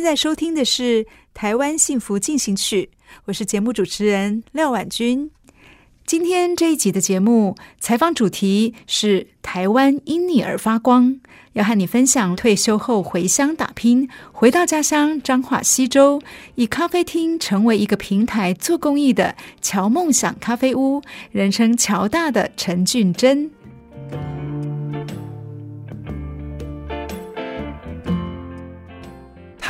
現在收聽的是《台灣幸福進行曲》，我是節目主持人廖婉君。今天這一集的節目採訪主題是“台灣因你而發光”，要和你分享退休後回鄉打拼，回到家鄉彰化溪州，以咖啡廳成為一個平台做公益的喬夢想咖啡屋，人稱“喬大”的陳俊禎。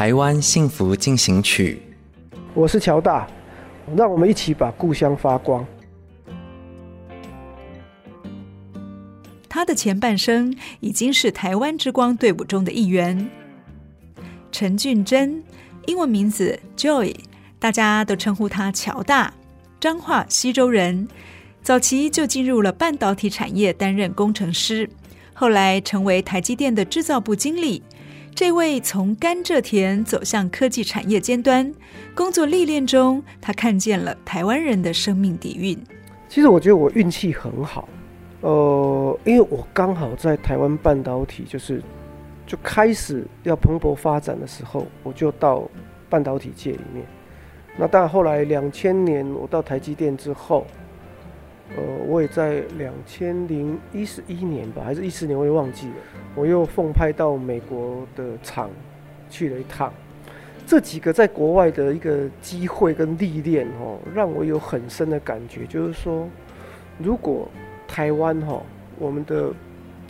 台灣幸福進行曲。我是喬大，讓我們一起把故鄉發光。他的前半生已經是台灣之光隊伍中的一員。陳俊禎，英文名字 Joey，大家都稱呼他喬大。彰化溪州人，早期就進入了半導體產業擔任工程師，後來成為台積電的制造部經理。這位從甘蔗田走向科技產業尖端，工作歷練中，他看見了台灣人的生命底蘊。其實我覺得我運氣很好，呃，因為我剛好在台灣半導體就是就開始要蓬勃發展的時候，我就到半導體界裡面。那但後來兩千年，我到台積電之後。呃，我也在兩千零一十一年吧，還是一四年，我也忘記了。我又奉派到美國的廠去了一趟。這幾個在國外的一個機會跟歷練哦，讓我有很深的感覺，就是說，如果台灣哈、哦，我們的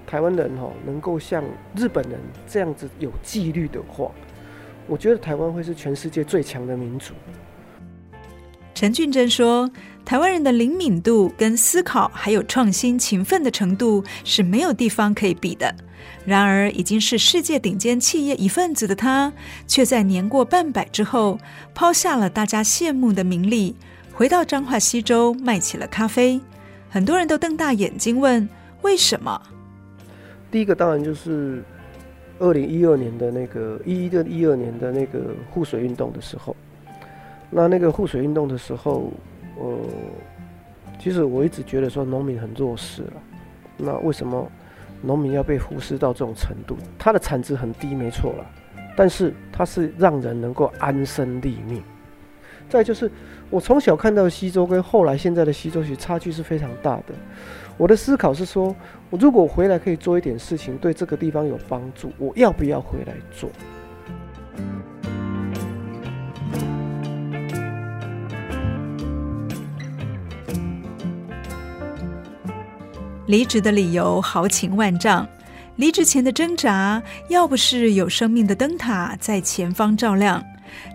台灣人哈、哦，能夠像日本人這樣子有紀律的話，我覺得台灣會是全世界最強的民族。陳俊禎說：“台灣人的靈敏度、跟思考，還有創新、勤奮的程度是沒有地方可以比的。然而，已經是世界頂尖企業一份子的他，卻在年過半百之後，拋下了大家羨慕的名利，回到彰化溪州賣起了咖啡。很多人都瞪大眼睛問：為什麼？第一個當然就是二零一二年的那個一一二一二年的那個護水運動的時候。”那那個護水運動的時候，呃，其實我一直覺得說農民很弱勢了。那為什麼農民要被忽視到這種程度？它的產值很低，沒錯了。但是它是讓人能夠安身立命。再就是，我從小看到的溪州跟後來現在的溪州其實差距是非常大的。我的思考是說，我如果回來可以做一點事情，對這個地方有幫助，我要不要回來做？離職的理由豪情萬丈，離職前的掙扎，要不是有生命的燈塔在前方照亮。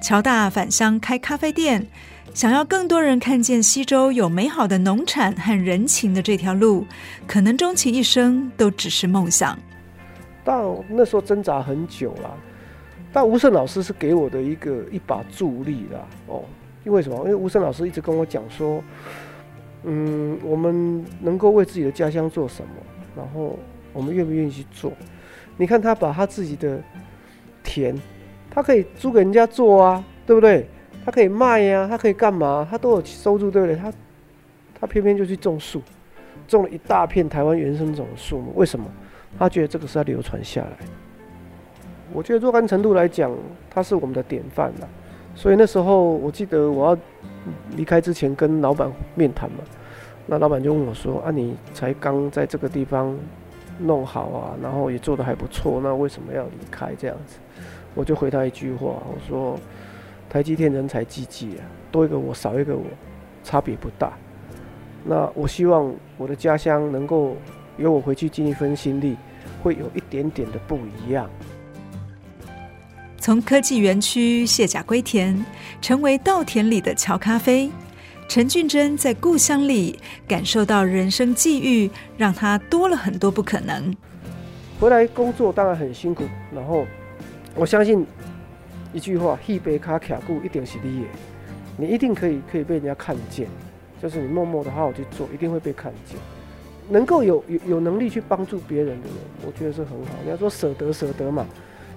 喬大返鄉開咖啡店，想要更多人看見溪州有美好的農產和人情的這條路，可能終其一生都只是夢想。到那時候掙扎很久了，但吳晟老師是給我的一個一把助力啦。哦，因為什麼？因為吳晟老師一直跟我講說。嗯，我們能夠為自己的家鄉做什麼？然後我們願不願意去做？你看他把他自己的田，他可以租給人家做啊，對不對？他可以賣呀、啊，他可以幹嘛？他都有收入，對不對？他他偏偏就去種樹，種了一大片台灣原生種的樹木。為什麼？他覺得這個是要流傳下來。我覺得若干程度來講，他是我們的典範了。所以那時候，我記得我要離開之前跟老闆面談嘛，那老闆就問我說：“啊，你才剛在這個地方弄好啊，然後也做得還不錯，那為什麼要離開這樣子？”我就回他一句話，我說：“台積電人才濟濟啊，多一個我少一個我，差別不大。那我希望我的家鄉能夠由我回去盡一份心力，會有一點點的不一樣。”從科技園區卸甲歸田，成為稻田裡的喬咖啡。陳俊禎在故鄉裡感受到人生際遇，讓他多了很多不可能。回來工作當然很辛苦，然後我相信一句話：一杯卡卡固一定是你，你一定可以可以被人家看見。就是你默默的好好去做，一定會被看見。能夠有有有能力去幫助別人的人，我覺得是很好。你要說捨得捨得嘛，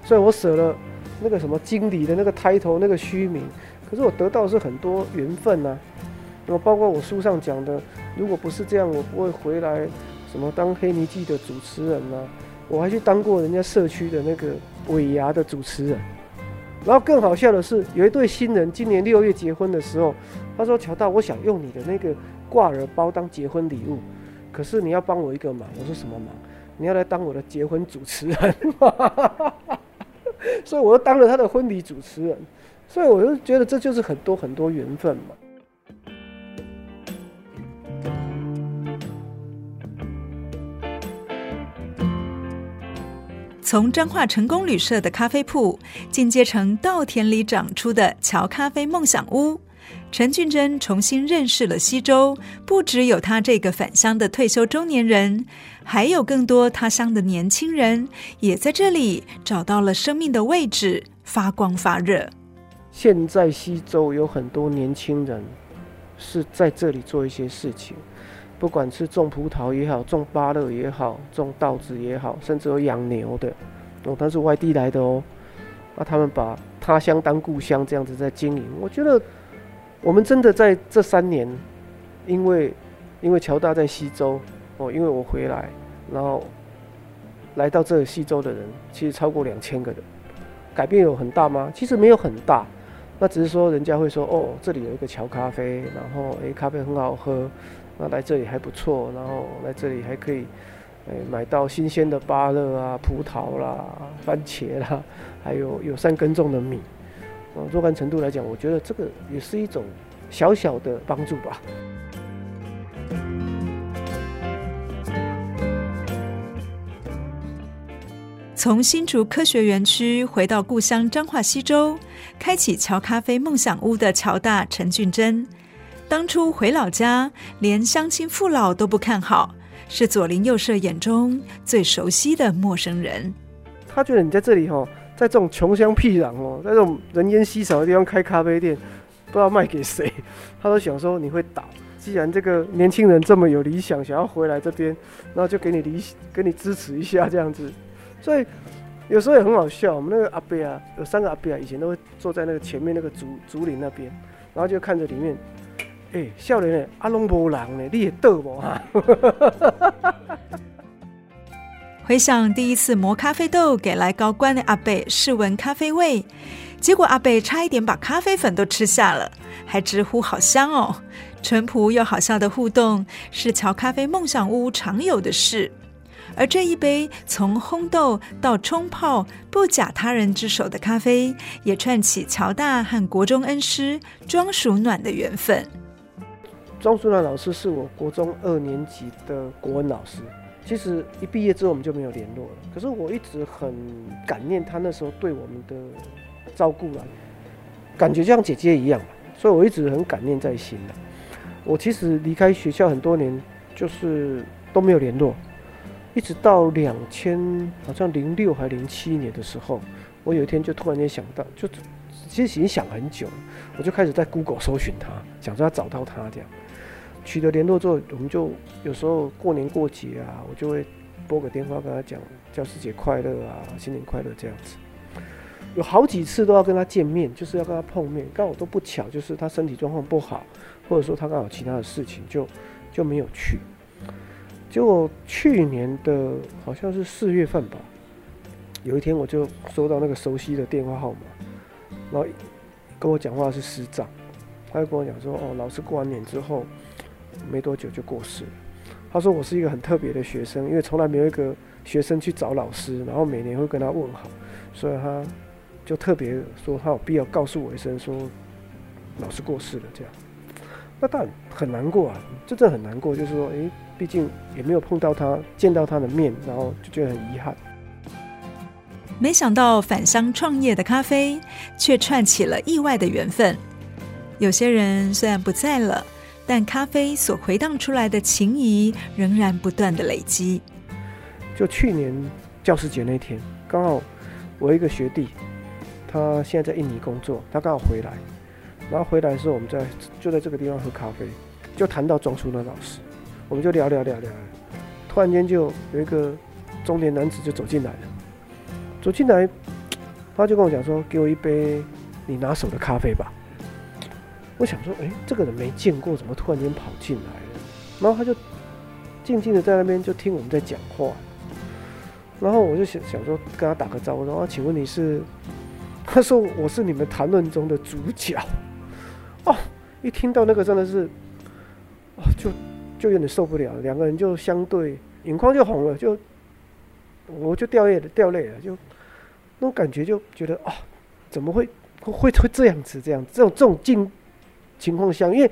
所以我捨了。那個什麼經理的那個抬頭，那個虛名，可是我得到的是很多緣分吶、啊。那麼包括我書上講的，如果不是這樣，我不會回來。什麼當黑泥季的主持人吶、啊？我還去當過人家社區的那個尾牙的主持人。然後更好笑的是，有一對新人今年六月結婚的時候，他說：“喬大，我想用你的那個掛耳包當結婚禮物，可是你要幫我一個忙。”我說：“什麼忙？你要來當我的結婚主持人嗎？ ” 所以，我又當了他的婚禮主持人，所以我就覺得這就是很多很多緣分嘛。從彰化成功旅社的咖啡鋪，進階成稻田裡長出的喬咖啡夢想屋。陳俊禎重新認識了溪州，不只有他這個返鄉的退休中年人，還有更多他鄉的年輕人也在這裡找到了生命的位置，發光發熱。現在溪州有很多年輕人是在這裡做一些事情，不管是種葡萄也好，種芭樂也好，種稻子也好，甚至有養牛的，哦，他是外地來的哦。啊，他們把他鄉當故鄉，這樣子在經營，我覺得。我們真的在這三年，因為因為喬大在溪州哦，因為我回來，然後來到這個溪州的人，其實超過兩千個人，改變有很大嗎？其實沒有很大，那只是說人家會說，哦，這裡有一個喬咖啡，然後哎、欸，咖啡很好喝，那來這裡還不錯，然後來這裡還可以，哎、欸，買到新鮮的芭樂啊、葡萄啦、番茄啦，還有友善耕種的米。若干程度來講，我覺得這個也是一種小小的幫助吧。從新竹科學園區回到故鄉彰化溪州，開啟喬咖啡夢想屋的喬大陳俊禎，當初回老家，連鄉親父老都不看好，是左鄰右舍眼中最熟悉的陌生人。他覺得你在這裡哈、哦。在這種窮鄉僻壤哦、喔，在這種人煙稀少的地方開咖啡店，不知道賣給誰，他都想說你會倒。既然這個年輕人這麼有理想，想要回來這邊，然後就給你理，給你支持一下這樣子。所以有時候也很好笑。我們那個阿伯啊，有三個阿伯啊，以前都會坐在那個前面那個竹竹林那邊，然後就看着裡面，哎、欸啊啊，笑臉呢，阿龍波郎呢，你也逗我啊！回想第一次磨咖啡豆給來高官的阿伯試聞咖啡味，結果阿伯差一點把咖啡粉都吃下了，還直呼好香哦。淳樸又好笑的互動是喬咖啡夢想屋常有的事，而這一杯從烘豆到沖泡不假他人之手的咖啡，也串起喬大和國中恩師莊淑暖的緣分。莊淑暖老師是我國中二年級的國文老師。其實一畢業之後我們就沒有聯絡了，可是我一直很感念他那時候對我們的照顧啊，感覺就像姐姐一樣，所以我一直很感念在心的。我其實離開學校很多年，就是都沒有聯絡，一直到兩千好像零六還是零七年的時候，我有一天就突然間想到，就其實已經想很久了，我就開始在 Google 搜尋他，想說要找到他這樣。取得聯絡之後，我們就有時候過年過節啊，我就會撥個電話跟他講教師節快樂啊，新年快樂這樣子。有好幾次都要跟他見面，就是要跟他碰面，剛好都不巧，就是他身體狀況不好，或者說他剛好其他的事情，就就沒有去。就去年的好像是四月份吧，有一天我就收到那個熟悉的電話號碼，然後跟我講話是師長，他就跟我講說：“哦，老師過完年之後。”沒多久就過世了。他說我是一個很特別的學生，因為從來沒有一個學生去找老師，然後每年會跟他問好，所以他就特別說他有必要告訴我一聲說，說老師過世了這樣。那當然很難過啊，就真的很難過，就是說，誒，畢竟也沒有碰到他，見到他的面，然後就覺得很遺憾。沒想到返鄉創業的咖啡，卻串起了意外的緣分。有些人雖然不在了。但咖啡所回盪出來的情誼，仍然不斷的累積。就去年教師節那天，剛好我一個學弟，他現在在印尼工作，他剛好回來，然後回來的時候，我們在就在這個地方喝咖啡，就談到莊淑蘭老師，我們就聊聊聊聊，突然間就有一個中年男子就走進來了，走進來，他就跟我講說：“給我一杯你拿手的咖啡吧。”我想說，哎、欸，這個人沒見過，怎麼突然間跑進來了？然後他就靜靜的在那邊就聽我們在講話。然後我就想想說，跟他打個招呼，然後說啊，請問你是？他說我是你們談論中的主角。哦，一聽到那個真的是，哦，就就有點受不了，兩個人就相對，眼眶就紅了，就我就掉淚掉淚了，就那種感覺就覺得，哦，怎麼會會會這樣子這樣子？這種這種境情況下，因為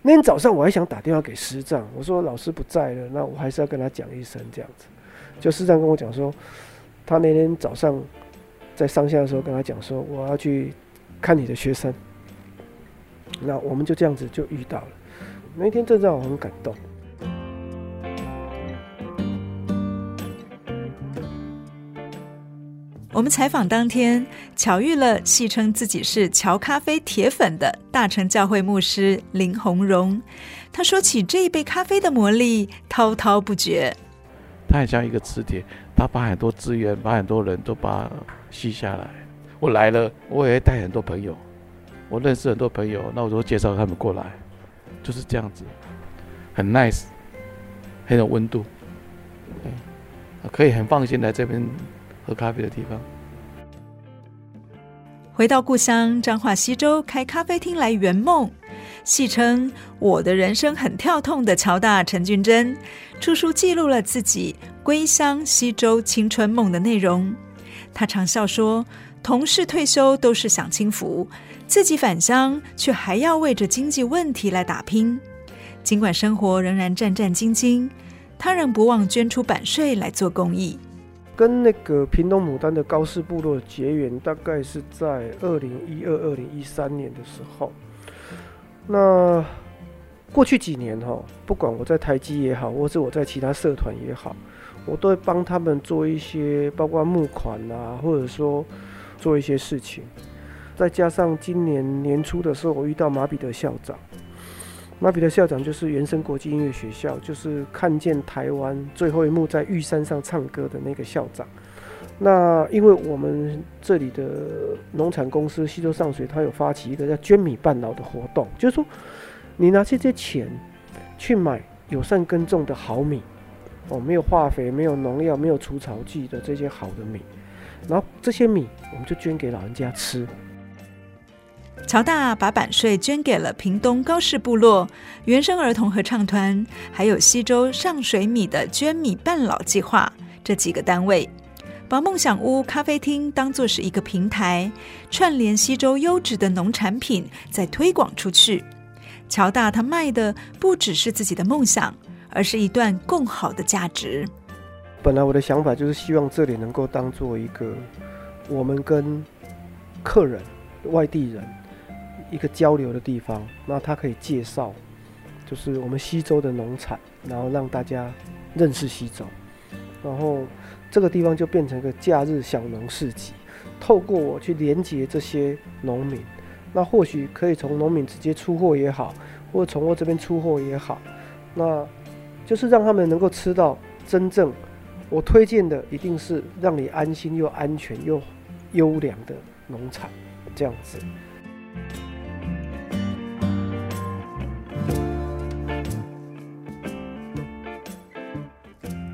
那天早上我還想打電話給師長，我說老師不在了，那我還是要跟他講一聲這樣子。就師長跟我講說，他那天早上在上線的時候跟他講說，我要去看你的學生。那我們就這樣子就遇到了，那天真的讓我很感動。我們採訪當天巧遇了，戲稱自己是“喬咖啡鐵粉”的大成教會牧師林紅榮。他說起這一杯咖啡的魔力，滔滔不絕。他很像一個磁鐵，他把很多資源、把很多人都把它吸下來。我來了，我也帶很多朋友，我認識很多朋友，那我就介紹他們過來，就是這樣子，很 nice，很有溫度，可以很放心來這邊喝咖啡的地方。回到故鄉彰化溪州開咖啡廳來圓夢，戲稱我的人生很跳痛的喬大陳俊禎出書記錄了自己歸鄉溪州青春夢的內容。他常笑說，同事退休都是享清福，自己返鄉卻還要為着經濟問題來打拼。儘管生活仍然戰戰兢兢，他仍不忘捐出版稅來做公益。跟那個屏東牡丹的高士部落結緣，大概是在二零一二、二零一三年的時候。那過去幾年哈，不管我在台積也好，或是我在其他社團也好，我都會幫他們做一些，包括募款啊，或者說做一些事情。再加上今年年初的時候，我遇到馬彼得校長。馬彼得校長就是原聲國際音樂學校，就是看見台灣最後一幕在玉山上唱歌的那個校長。那因為我們這裡的農產公司溪州尚水，他有發起一個叫捐米伴老的活動，就是說你拿這些錢去買友善耕種的好米哦，沒有化肥、沒有農藥、沒有除草劑的這些好的米，然後這些米我們就捐給老人家吃。喬大把版稅捐給了屏東高士部落原生兒童合唱團，還有溪州上水米的捐米半老計劃這幾個單位，把夢想屋咖啡廳當作是一個平台，串聯溪州優質的農產品再推廣出去。喬大他賣的不只是自己的夢想，而是一段更好的價值。本來我的想法就是希望這裡能夠當做一個我們跟客人外地人。一個交流的地方，那他可以介紹，就是我們溪州的農產，然後讓大家認識溪州，然後這個地方就變成一個假日小農市集。透過我去連接這些農民，那或許可以從農民直接出貨也好，或從我這邊出貨也好，那就是讓他們能夠吃到真正我推薦的，一定是讓你安心又安全又優良的農產，這樣子。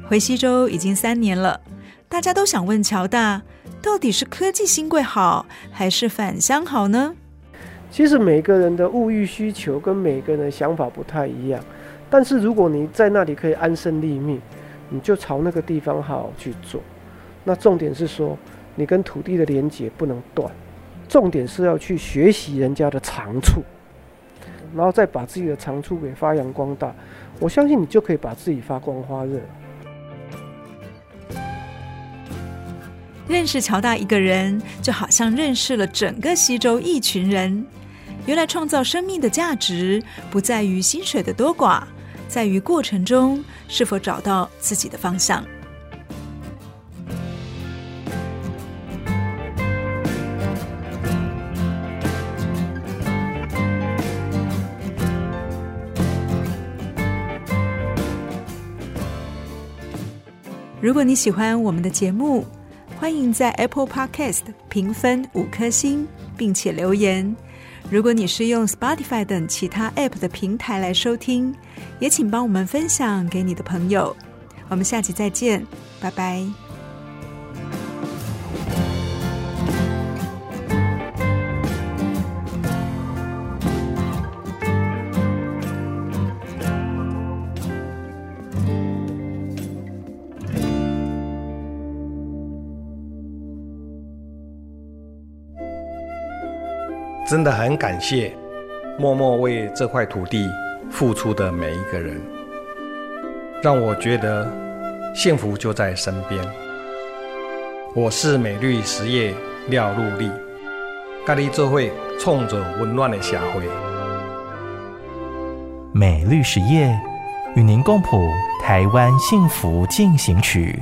回溪州已經三年了，大家都想問喬大，到底是科技新貴好，還是返鄉好呢？其實每個人的物慾需求跟每個人的想法不太一樣，但是如果你在那裡可以安身立命，你就朝那個地方好好去做。那重點是說，你跟土地的連接不能斷，重點是要去學習人家的長處，然後再把自己的長處給發揚光大。我相信你就可以把自己發光發熱。認識喬大一個人，就好像認識了整個溪州一群人。原來創造生命的價值，不在於薪水的多寡，在於過程中是否找到自己的方向。如果你喜歡我們的節目。歡迎在 Apple Podcast 評分五顆星，並且留言。如果你是用 Spotify 等其他 App 的平台來收聽，也請幫我們分享給你的朋友。我們下期再見，拜拜。真的很感謝默默為這塊土地付出的每一個人，讓我覺得幸福就在身邊。我是美律實業廖祿立咖喱聚會沖著溫暖的社會。美律實業與您共譜台灣幸福進行曲。